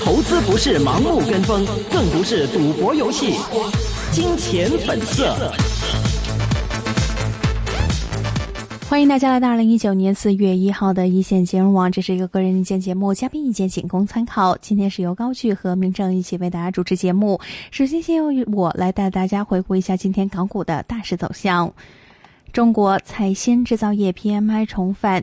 投資不是盲目跟風，更不是賭博遊戲。金錢本色，歡迎大家來到二零一九年四月一號的一線節目網，這是一個個人意見節目，嘉賓意見僅供參考。今天是由高巨和潤民一起為大家主持節目。首先，先由我來帶大家回顧一下今天港股的大勢走向。中國財新製造業 PMI 重返。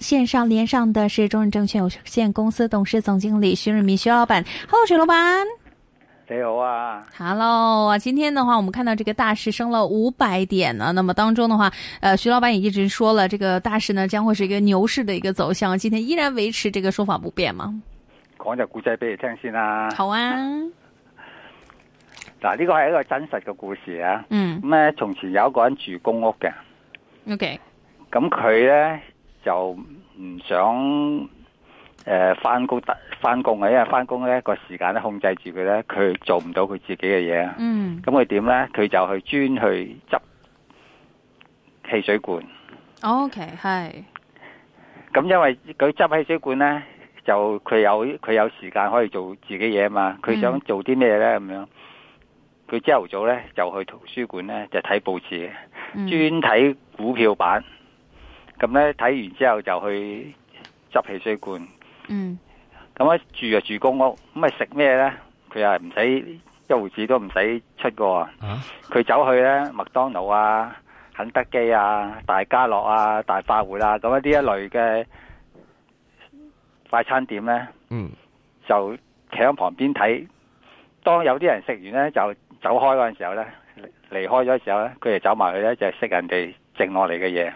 線上連上的是中潤證券有限公司董事總經理徐潤民徐老闆，Hello 徐老闆，你好啊，Hello 啊，今天的話我們看到這個大市升了五百點啊。那麼當中的話，呃，徐老闆也一直說了，這個大市呢將會是一個牛市的一個走向，今天依然維持這個說法不變嗎？講隻故仔俾你聽先啦，好啊，嗱、啊，呢、這個係一個真實嘅故事啊，嗯，咁、嗯、從前有一個人住公屋嘅，OK，咁佢咧。就唔想誒翻工，翻工啊，因為翻工咧個時間咧控制住佢咧，佢做唔到佢自己嘅嘢。嗯，咁佢點咧？佢就去專去執汽水罐。OK，係。咁因為佢執汽水罐咧，就佢有佢有時間可以做自己嘢嘛。佢想做啲咩咧？咁樣，佢朝頭早咧就去圖書館咧就睇報紙，專睇股票版。咁咧睇完之後就去執汽水罐。嗯。咁啊住啊住公屋，咁啊食咩咧？佢又係唔使一毫子都唔使出嘅。佢、啊、走去咧麥當勞啊、肯德基啊、大家樂啊、大花匯啦、啊，咁呢一類嘅快餐店咧。嗯。就企喺旁邊睇，當有啲人食完咧就走開嗰陣時候咧，離開咗時候咧，佢哋走埋去咧就食人哋剩落嚟嘅嘢。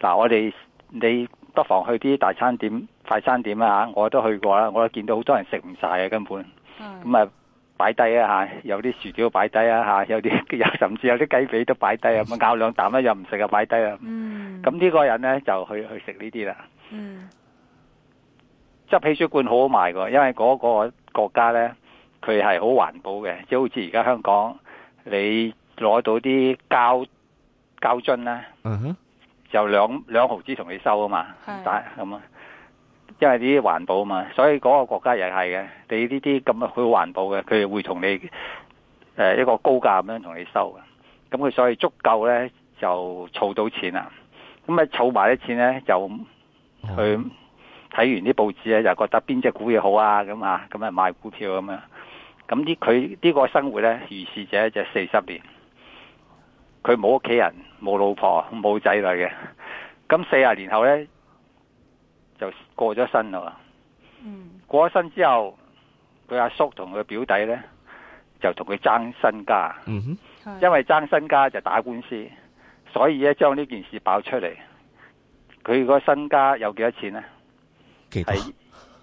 嗱、啊，我哋你不妨去啲大餐點、快餐點啊！我都去過啦，我都見到好多人食唔晒呀。根本。咁、mm. 啊，擺低啊吓，有啲薯條擺低啊吓，有啲有甚至有啲雞髀都擺低啊，咬兩啖啊又唔食啊，擺低呀。咁呢個人咧就去去食呢啲啦。執、mm. 起汽水罐好好賣噶，因為嗰個國家咧佢係好環保嘅，就好似而家香港你攞到啲膠膠樽咧。膠就兩,兩毫子同你收啊嘛，係咁啊，因為啲環保嘛，所以嗰個國家又係嘅。你呢啲咁嘅，佢環保嘅，佢會同你、呃、一個高價咁樣同你收嘅。咁佢所以足夠咧就儲到錢啦。咁啊儲埋啲錢咧就去睇完啲報紙咧，就覺得邊隻股嘢好啊咁啊，咁啊買股票咁樣。咁啲佢呢個生活咧，如是者就四十年。佢冇屋企人，冇老婆，冇仔女嘅。咁四十年後咧，就過咗身啦。嗯。過咗身之後，佢阿叔同佢表弟咧，就同佢爭身家。嗯哼。因為爭身家就打官司，所以咧將呢件事爆出嚟。佢個身家有幾多錢咧？幾多？係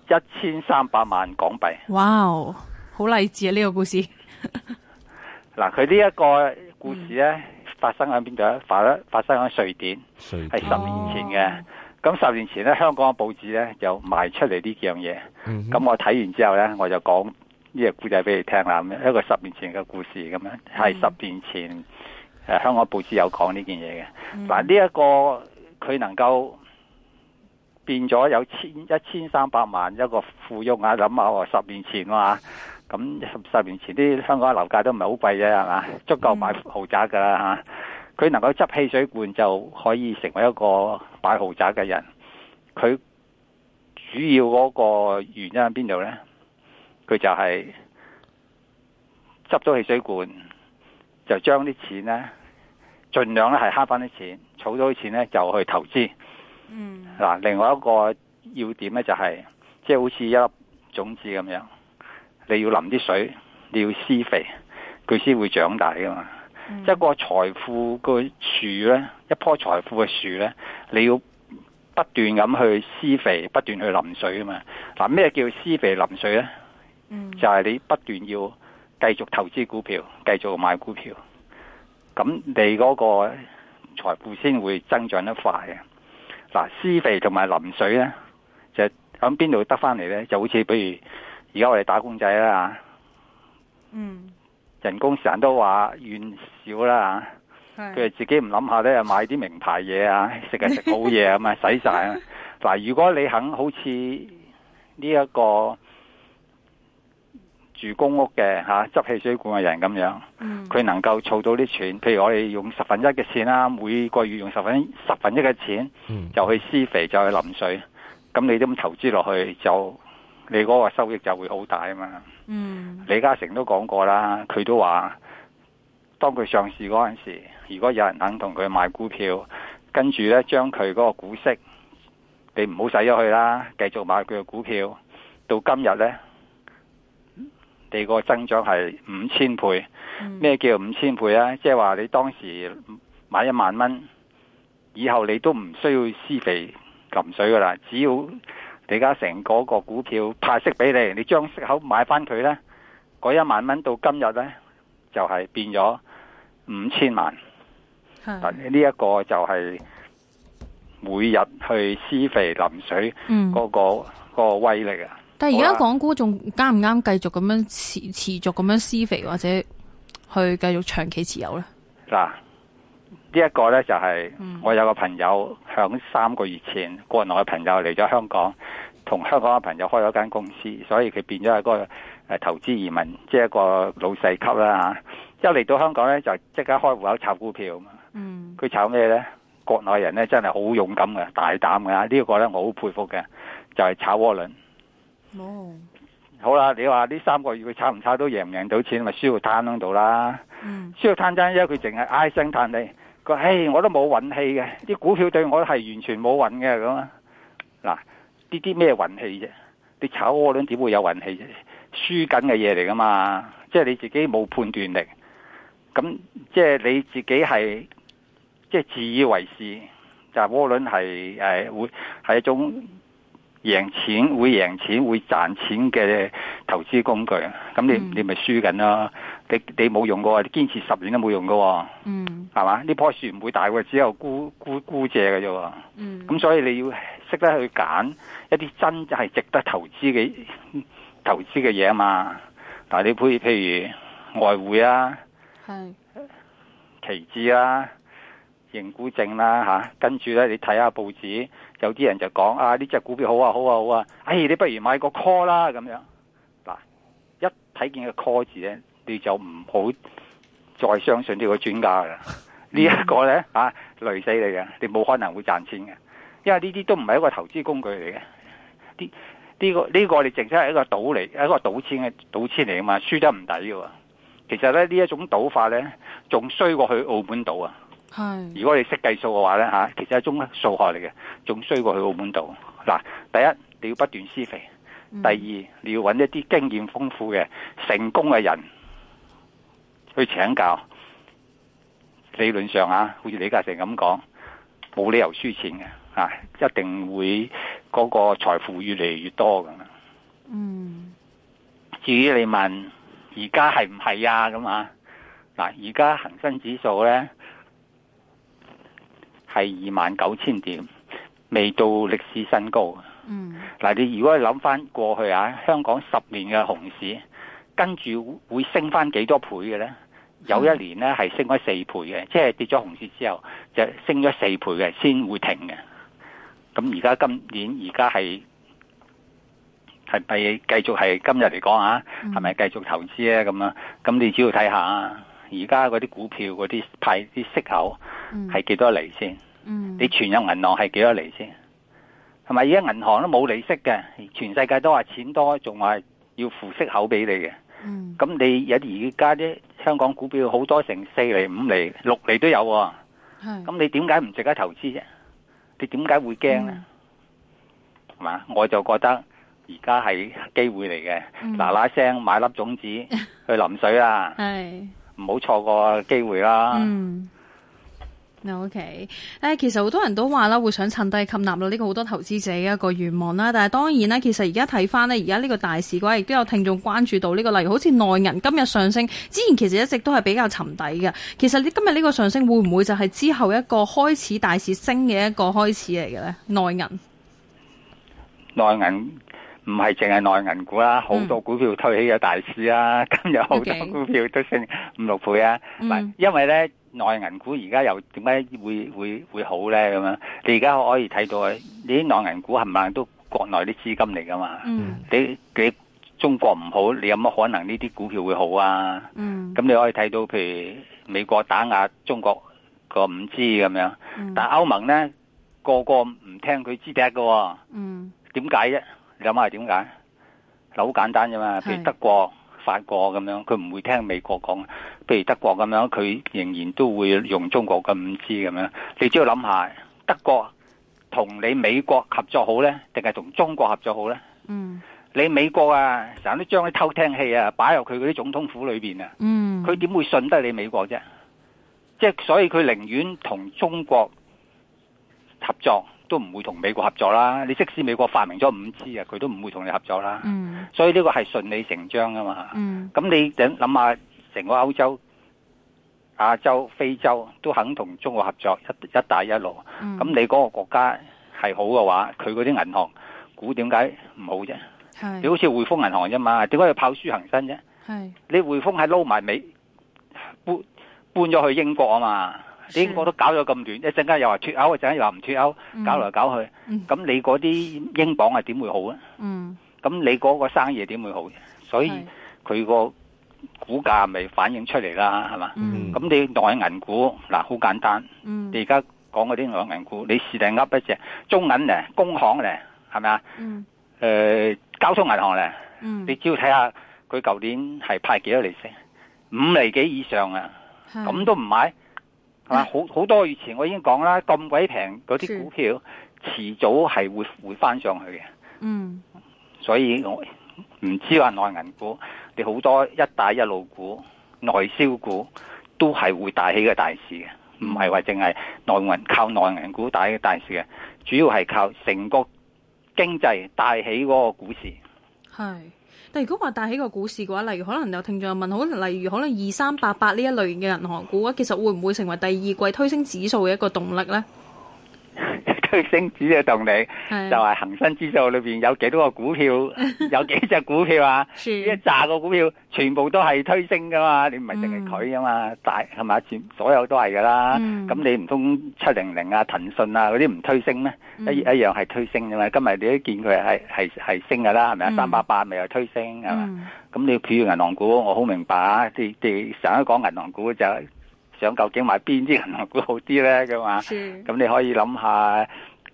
一千三百萬港幣。哇哦，好勵志啊！呢個故事。嗱，佢呢一個故事咧。嗯發生喺邊度咧？發咧發生喺瑞典，係十年前嘅。咁、哦、十年前咧，香港嘅報紙咧就賣出嚟呢樣嘢。咁、嗯、我睇完之後咧，我就講呢個故仔俾你聽啦。咁一個十年前嘅故事咁樣，係十年前誒、嗯呃、香港報紙有講呢件嘢嘅。嗱，呢一個佢能夠變咗有千一千三百萬一個富翁啊！諗下十年前啊嘛～咁十年前啲香港樓價都唔係好貴啫，係嘛？足夠買豪宅㗎啦嚇。佢能夠執汽水罐就可以成為一個買豪宅嘅人。佢主要嗰個原因喺邊度咧？佢就係執咗汽水罐，就將啲錢咧，盡量咧係慳翻啲錢，儲咗啲錢咧就去投資。嗯。嗱，另外一個要點咧就係，即係好似一粒種子咁樣。你要淋啲水，你要施肥，佢先會長大噶嘛。即、嗯、係、就是、個財富個樹咧，一棵財富嘅樹咧，你要不斷咁去施肥，不斷去淋水啊嘛。嗱、啊，咩叫施肥淋水咧、嗯？就係、是、你不斷要繼續投資股票，繼續買股票，咁你嗰個財富先會增長得快啊。嗱，施肥同埋淋水咧，就係響邊度得翻嚟咧？就好似比如。而家我哋打工仔啦，嗯，人工成日都話怨少啦，佢哋自己唔諗下咧，又買啲名牌嘢啊，食啊食好嘢啊嘛，使晒。啊！嗱， 如果你肯好似呢一個住公屋嘅嚇執汽水管嘅人咁樣，佢、嗯、能夠儲到啲錢，譬如我哋用十分一嘅錢啦，每個月用十分十分一嘅錢就去施肥，就去淋水，咁你都咁投資落去就。你嗰個收益就會好大啊嘛！嗯、李嘉誠都講過啦，佢都話，當佢上市嗰陣時，如果有人肯同佢買股票，跟住呢將佢嗰個股息，你唔好使咗佢啦，繼續買佢嘅股票。到今日呢，嗯、你個增長係五千倍。咩、嗯、叫五千倍啊？即係話你當時買一萬蚊，以後你都唔需要施肥、淋水噶啦，只要。李嘉誠嗰個股票派息俾你，你將息口買翻佢呢，嗰一萬蚊到今日呢，就係、是、變咗五千萬。嗱，呢一個就係每日去施肥淋水嗰、那個嗯那個威力啊。但係而家港股仲啱唔啱繼續咁樣持持續咁樣施肥，或者去繼續長期持有呢？嗱，呢、這、一個呢，就係我有個朋友響、嗯、三個月前個人我嘅朋友嚟咗香港。同香港嘅朋友開咗間公司，所以佢變咗係個投資移民，即、就、係、是、一個老細級啦嚇、啊。一嚟到香港咧，就即刻開戶口炒股票啊嘛。嗯，佢炒咩咧？國內人咧真係好勇敢嘅，大膽㗎。這個、呢個咧我好佩服嘅，就係、是、炒窩輪。冇、哦、好啦，你話呢三個月佢炒唔炒都贏唔贏到錢，咪輸到攤度啦。嗯，輸到攤親，因為佢淨係唉聲嘆氣。佢話誒我都冇運氣嘅，啲股票對我係完全冇運嘅咁啊嗱。運氣呢啲咩運氣啫？你炒渦輪點會有運氣啫？輸緊嘅嘢，嚟噶嘛。即係你自己冇判斷力，咁即係你自己係即係自以為是，就係渦輪係誒會係一種贏錢會贏錢會賺錢嘅投資工具。咁你你咪輸緊咯。你你冇用你堅持十年都冇用噶，係、嗯、嘛？呢樖樹唔會大嘅，只有估估估借嘅啫。咁、嗯、所以你要識得去揀一啲真係值得投資嘅投資嘅嘢啊嘛。但係你譬譬如外匯啊，期指啦，認股證啦，吓、啊，跟住咧你睇下報紙，有啲人就講啊呢隻股票好啊好啊好啊，哎你不如買個 call 啦咁樣嗱，一睇見個 call 字咧。你就唔好再相信個專 個呢個專家啦！呢一個咧啊，累死你嘅，你冇可能會賺錢嘅，因為呢啲都唔係一個投資工具嚟嘅。呢呢個呢個，你淨係係一個賭嚟，一個賭錢嘅賭錢嚟啊嘛，輸得唔抵喎。其實咧呢一種賭法咧，仲衰過去澳門賭啊！係，如果你識計數嘅話咧吓、啊，其實係中一數學嚟嘅，仲衰過去澳門賭。嗱，第一你要不斷施肥，第二 你要揾一啲經驗豐富嘅成功嘅人。去請教，理論上啊，好似李嘉誠咁講，冇理由輸錢嘅啊，一定會嗰個財富越嚟越多咁啦。嗯，至於你問而家係唔係啊咁啊？嗱，啊，而家恒生指數咧係二萬九千點，未到歷史新高。嗯。嗱，啊，你如果係諗翻過去啊，香港十年嘅熊市。跟住會升翻幾多倍嘅咧？有一年咧係升咗四倍嘅，即係、就是、跌咗紅字之後就升咗四倍嘅先會停嘅。咁而家今年而家係係咪繼續係今日嚟講啊，係咪繼續投資咧？咁啊，咁你只要睇下而家嗰啲股票嗰啲派啲息口係幾多厘先？你存入銀行係幾多厘先？係咪而家銀行都冇利息嘅？全世界都話錢多，仲話要付息口俾你嘅。嗯，咁你有而家啲香港股票好多成四厘、五厘、六厘都有，咁你點解唔值得投資啫？你點解會驚呢？係嘛？我就覺得而家係機會嚟嘅，嗱嗱聲買粒種子去淋水啦，唔好錯過機會啦。OK，誒，其實好多人都話啦，會想趁低吸納啦，呢個好多投資者嘅一個願望啦。但係當然咧，其實而家睇翻咧，而家呢個大市嘅話，亦都有聽眾關注到呢個，例如好似內銀今日上升，之前其實一直都係比較沉底嘅。其實你今日呢個上升，會唔會就係之後一個開始大市升嘅一個開始嚟嘅呢？內銀，內銀。唔係淨係內銀股啦，好多股票推起咗大市啊！今日好多股票都升五六倍啊！唔係，因為咧內銀股而家又點解會會會好咧咁樣？你而家可以睇到，呢啲內銀股係咪都國內啲資金嚟噶嘛？嗯，你你中國唔好，你有乜可能呢啲股票會好啊？嗯，咁你可以睇到，譬如美國打壓中國個五 G 咁樣，但係歐盟咧個個唔聽佢支笛噶，嗯，點解啫？你諗下點解？係好簡單啫嘛。譬如德國、法國咁樣，佢唔會聽美國講。譬如德國咁樣，佢仍然都會用中國嘅五 G 咁樣。你只要諗下，德國同你美國合作好咧，定係同中國合作好咧？嗯。你美國啊，成日都將啲偷聽器啊擺入佢嗰啲總統府裏邊啊。嗯。佢點會信得你美國啫？即係所以佢寧願同中國合作。都唔會同美國合作啦。你即使美國發明咗五 G 啊，佢都唔會同你合作啦。嗯。所以呢個係順理成章噶嘛。嗯。咁你諗諗下，成個歐洲、亞洲、非洲都肯同中國合作，一一帶一路。咁、嗯、你嗰個國家係好嘅話，佢嗰啲銀行股點解唔好啫？你好似匯豐銀行啫嘛？點解要跑輸恒生啫？你匯豐係撈埋美，搬搬咗去英國啊嘛？英國都搞咗咁短，一陣間又話脱歐，一陣間又話唔脱歐，搞嚟搞去，咁你嗰啲英鎊係點會好啊？咁你嗰個生意點會好？所以佢個股價咪反映出嚟啦，係嘛？咁你內銀股嗱好簡單，你而家講嗰啲內銀股，你是定噏一隻中銀咧、工行咧，係咪啊？誒交通銀行咧，你只要睇下佢舊年係派幾多利息，五釐幾以上啊，咁都唔買。係好好多以前我已經講啦，咁鬼平嗰啲股票，遲早係會會翻上去嘅。嗯，所以我唔知話內銀股，你好多一帶一路股、內銷股都係會帶起嘅大市嘅，唔係話淨係內銀靠內銀股帶起嘅大市嘅，主要係靠成個經濟帶起嗰個股市係。但如果話帶起個股市嘅話，例如可能有聽眾問好，可能例如可能二三八八呢一類型嘅銀行股，其實會唔會成為第二季推升指數嘅一個動力咧？推升指嘅動力是就係、是、恒生指數裏邊有幾多個股票， 有幾隻股票啊？ 一炸個股票全部都係推升噶嘛？你唔係淨係佢啊嘛？嗯、大係嘛？全所有都係噶啦。咁、嗯、你唔通七零零啊、騰訊啊嗰啲唔推升咩、嗯？一一樣係推升噶嘛？今日你都見佢係係係升噶啦，係咪啊？三八八咪又推升係嘛？咁、嗯、你譬如銀行股，我好明白啲啲成日講銀行股就。想究竟買邊啲銀行股好啲咧？咁啊，咁你可以諗下，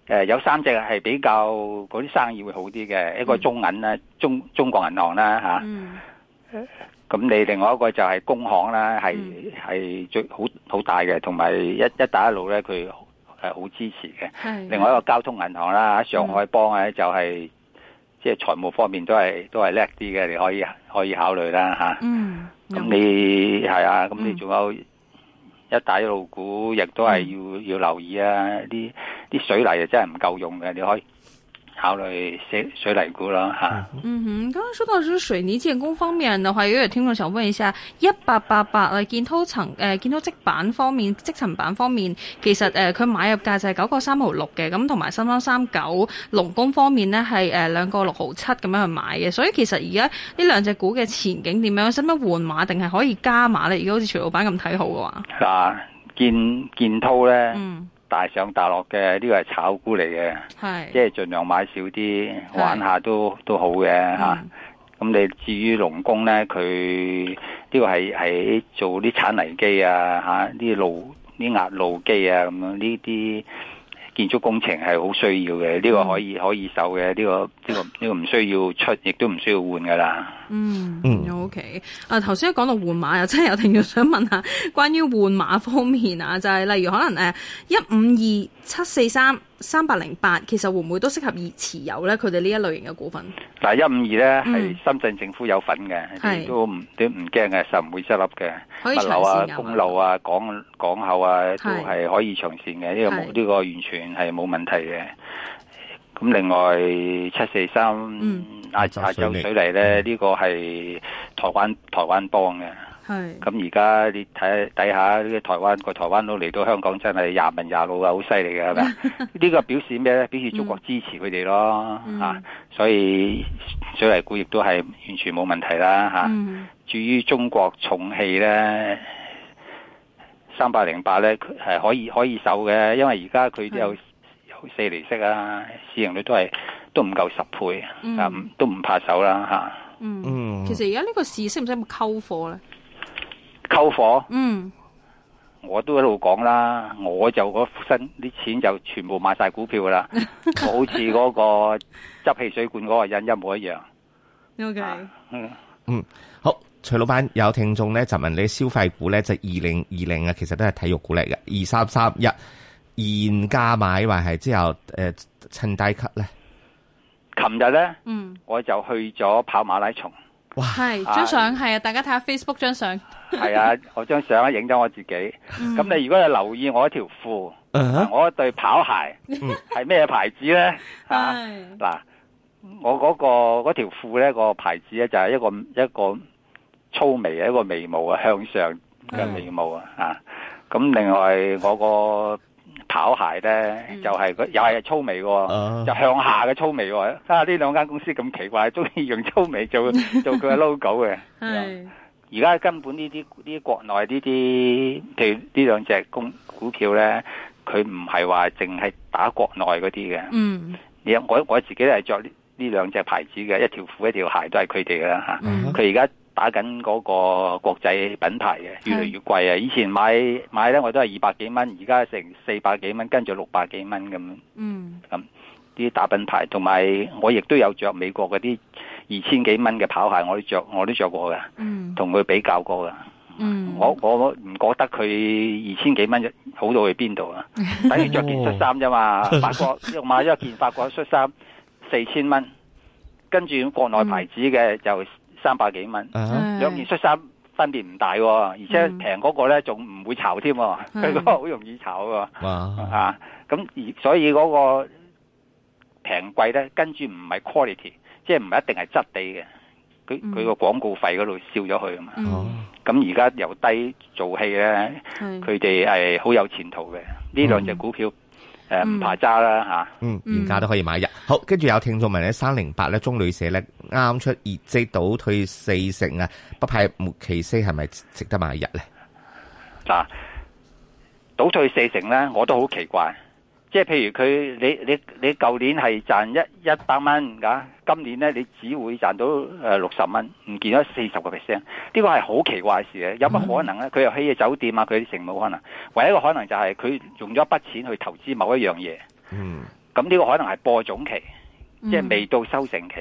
誒有三隻係比較嗰啲生意會好啲嘅，一個中銀啦，中中國銀行啦嚇。嗯。咁你另外一個就係工行啦，係係最好好大嘅，同埋一一帶一路咧佢係好支持嘅。係。另外一個交通銀行啦，喺上海幫咧就係即係財務方面都係都係叻啲嘅，你可以可以考慮啦嚇。嗯。咁你係啊？咁你仲有？一帶一路股亦都係要要留意啊！啲啲水泥啊，真係唔夠用嘅，你可以。考慮水水泥股啦，吓。嗯哼，剛剛說到是水泥建工方面的話，有位聽眾想問一下，一，唔好意思，一八八八誒建滔層誒建滔積板方面積層板方面，其實誒佢、呃、買入價就係九個三毫六嘅，咁同埋新方三九龍工方面咧係誒兩個六毫七咁樣去買嘅，所以其實而家呢兩隻股嘅前景點樣，使唔使換馬定係可以加碼咧？如果好似徐老闆咁睇好嘅話，嗱建建滔咧。大上大落嘅，呢、這個係炒股嚟嘅，即係盡量買少啲，玩下都都好嘅吓。咁、啊、你至於龍工咧，佢呢、這個係係做啲鏟泥機啊，嚇、啊、啲路啲壓路機啊咁樣呢啲。建築工程係好需要嘅，呢、這個可以可以守嘅，呢、這個呢、這個呢個唔需要出，亦都唔需要換噶啦。嗯嗯，OK。啊，頭先講到換馬又真係有定要想問下關於換馬方面啊，就係、是、例如可能誒一五二七四三。啊三百零八，其實會唔會都適合以持有咧？佢哋呢一類型嘅股份，嗱一五二咧係深圳政府有份嘅，都唔都唔驚嘅，實唔會執笠嘅。物流啊，公路啊，港港口啊，是都係可以長線嘅，呢、這個呢、這個完全係冇問題嘅。咁另外七四三亞洲水泥咧，呢、這個係台灣台灣幫嘅。係咁，而家你睇底下呢個台灣個台灣佬嚟到香港真係廿問廿路啊，好犀利嘅係咪？呢 個表示咩咧？表示中國支持佢哋咯、嗯啊、所以水泥股亦都係完全冇問題啦、啊嗯、至於中國重汽咧，三百零八咧係可以可以守嘅，因為而家佢都有、嗯、有四厘息啊，市盈率都係都唔夠十倍啊，都唔怕守啦、啊、嗯，其實而家呢個市適唔使咁溝貨咧？溝火，mm. 我都喺度講啦，我就嗰身啲錢就全部買晒股票啦， 好似嗰個執汽水管嗰個人一模一樣。了、okay. 解、啊。嗯，mm. 好，徐老闆有聽眾咧就問你消費股咧就二零二零啊，其實都係體育股嚟嘅，二三三一現價買還係之後誒、呃、趁低吸咧？琴日咧，嗯、mm.，我就去咗跑馬拉松。哇，係張相係啊、哎！大家睇下 Facebook 張相，係啊！我張相影咗我自己，咁 你如果係留意我一條褲、uh -huh? 啊， 我對跑鞋係咩牌子咧？嗱，我嗰個嗰條褲咧個牌子咧就係、是、一個一個粗眉嘅一個眉毛啊向上嘅眉毛 啊，咁另外我、嗰個。跑鞋咧，就係佢又係粗眉嘅、啊，就向下嘅粗眉。啊，呢兩間公司咁奇怪，中意用粗眉做做佢 logo 嘅。係而家根本呢啲呢國內呢啲譬如呢兩隻公股票咧，佢唔係話淨係打國內嗰啲嘅。嗯，我我自己都係着呢呢兩隻牌子嘅，一條褲一條鞋都係佢哋嘅啦吓。佢而家。嗯打緊嗰個國際品牌嘅越嚟越貴啊！以前買買咧我都係二百幾蚊，而家成四百幾蚊，跟住六百幾蚊咁。嗯，咁、嗯、啲打品牌，同埋我亦都有着美國嗰啲二千幾蚊嘅跑鞋，我都着我都着過嘅。嗯，同佢比較過嘅。嗯，我我唔覺得佢二千幾蚊好到去邊度啊？ 等於着件恤衫啫嘛。法國買咗件法國恤衫四千蚊，跟住國內牌子嘅就。嗯三百幾蚊，uh -huh. 兩件恤衫分別唔大喎、哦，而且平嗰個咧仲唔會炒添、啊，佢個好容易炒噶、啊，咁而、啊啊、所以嗰個平貴咧跟住唔係 quality，即係唔係一定係質地嘅，佢佢個廣告費嗰度燒咗去啊嘛，咁而家由低做起咧，佢哋係好有前途嘅，呢兩隻股票。誒、嗯，唔排渣啦吓，嗯，現價都可以買入。好，跟住有聽眾問咧，三零八咧，中旅社咧，啱出業績倒退四成啊，不派末期息係咪值得買入咧？嗱，倒退四成咧，我都好奇怪。即係譬如佢你你你舊年係賺一一百蚊噶，今年咧你只會賺到誒六十蚊，唔見咗四十個 percent。呢個係好奇怪嘅事嘅，有乜可能咧？佢又起嘅酒店啊，佢啲成冇可能。唯一,一個可能就係佢用咗一筆錢去投資某一樣嘢。嗯，咁呢個可能係播種期，嗯、即係未到收成期。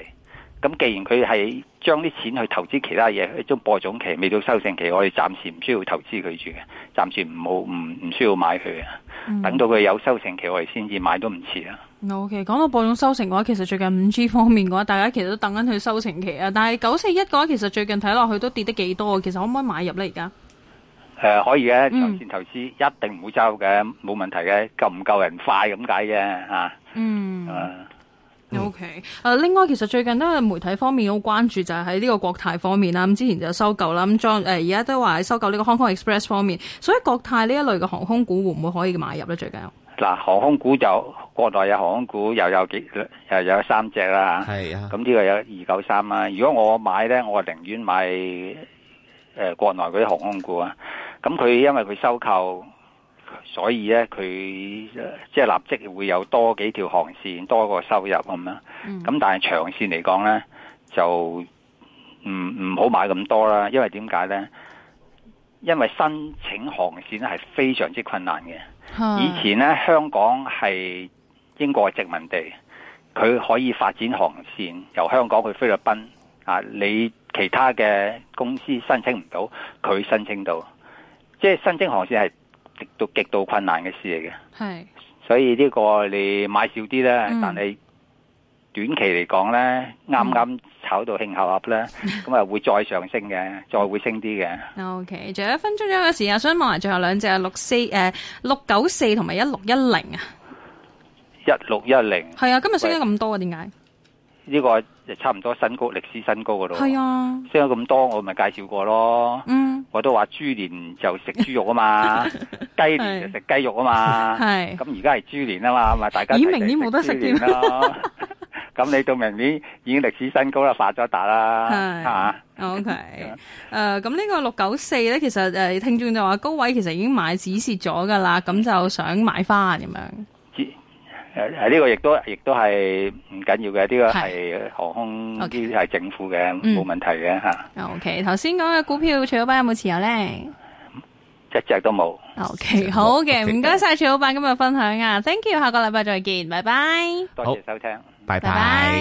咁既然佢係將啲錢去投資其他嘢，去種播種期未到收成期，我哋暫時唔需要投資佢住嘅，暫時唔唔唔需要買佢啊、嗯。等到佢有收成期，我哋先至買都唔遲。O K，講到播種收成嘅話，其實最近五 G 方面嘅話，大家其實都等緊佢收成期啊。但係九四一嘅話，其實最近睇落去都跌得幾多，其實可唔可以買入咧？而家誒，可以嘅，長線投資一定唔會收嘅，冇問題嘅，夠唔夠人快咁解嘅。吓。嗯。O K，誒，okay. 另外其實最近都係媒體方面好關注，就係喺呢個國泰方面啦。咁之前就收購啦，咁誒而家都話喺收購呢個 Hong Kong Express 方面，所以國泰呢一類嘅航空股會唔會可以買入咧？最近嗱，航空股就國內有航空股又有幾，又有幾又有三隻啦。係啊，咁呢個有二九三啦。如果我買咧，我寧願買誒、呃、國內嗰啲航空股啊。咁佢因為佢收購。所以咧，佢即係立即會有多幾條航線，多個收入咁樣。咁、嗯、但係長線嚟講咧，就唔唔好買咁多啦。因為點解咧？因為申請航線係非常之困難嘅。的以前咧，香港係英國嘅殖民地，佢可以發展航線由香港去菲律賓啊。你其他嘅公司申請唔到，佢申請到，即係申請航線係。極度極度困難嘅事嚟嘅，係，所以呢個你買少啲咧，但係短期嚟講咧，啱啱炒到慶後壓咧，咁啊會再上升嘅，再會升啲嘅。OK，仲有一分鐘鐘嘅時間，想望下最後兩隻啊，六四誒，六九四同埋一六一零啊，一六一零，係啊，今日升咗咁多啊，點解？呢、這個就差唔多新高歷史新高嗰度，升咗咁多，我咪介紹過咯。嗯，我都話豬年就食豬肉啊嘛， 雞年就食雞肉啊嘛。係。 咁而家係豬年啊嘛，咪大家已睇。 都明年冇得食嘅。咁你到明年已經歷史新高啦，發咗達啦，嚇 ？OK，誒，咁呢個六九四咧，其實誒、呃、聽眾就話高位其實已經買止蝕咗㗎啦，咁就想買翻咁樣。誒，係呢個亦都亦都係唔緊要嘅，呢個係航空呢啲係政府嘅，冇問題嘅吓。OK，頭先講嘅股票，徐老闆有冇持有咧？一隻都冇。OK，好嘅，唔該晒徐老闆今日分享啊，Thank you，下個禮拜再見，拜拜。多謝收聽，拜拜。